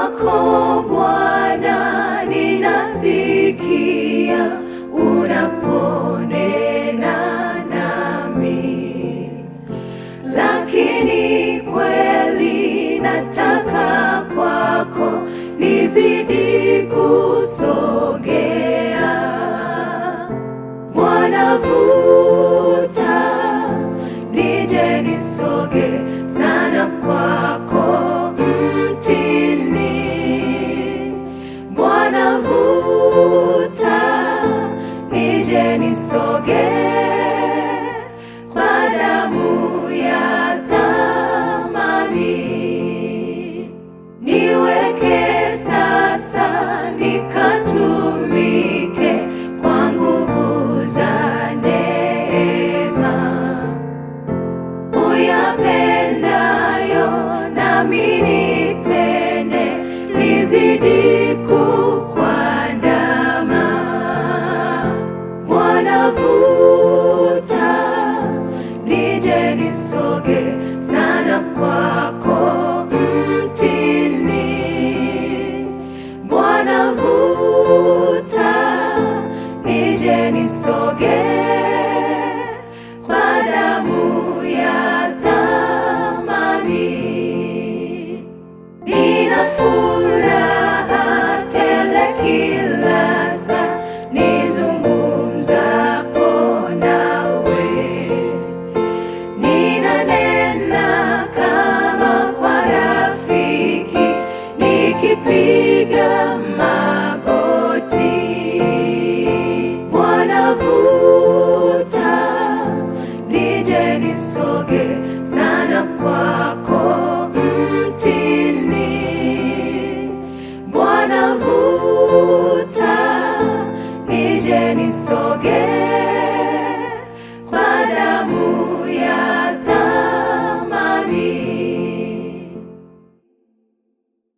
wako Bwana ninasikia unaponena nami, lakini kweli nataka kwako nizidi kuso 속에 wako